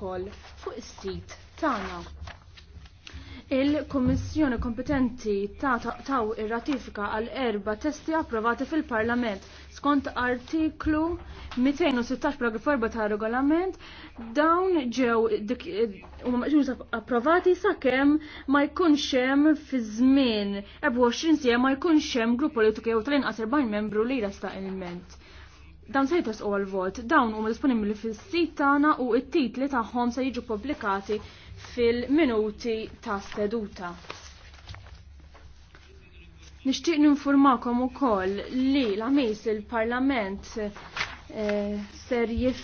ukoll fuq is-sit tagħna. Il-Kummissjoni kompetenti taw ir-ratifika għal erba testi approvati fil-Parlament skont artiklu 216 paragraf 4 ta' regolament dawn ġew huma approvati sakemm ma jkunx hemm fi żmien 24 siegħa ma jkunx hemm grupp politiku jew tal-inqas 40 membru li jresta ilment dan se u għal vot, dawn huma disponibbli fis-sit tagħna u t-titli tagħhom se jiġu publikati fil-minuti ta' seduta. Nixtieq ninformakom ukoll li l-għamis il-Parlament eh, ser jif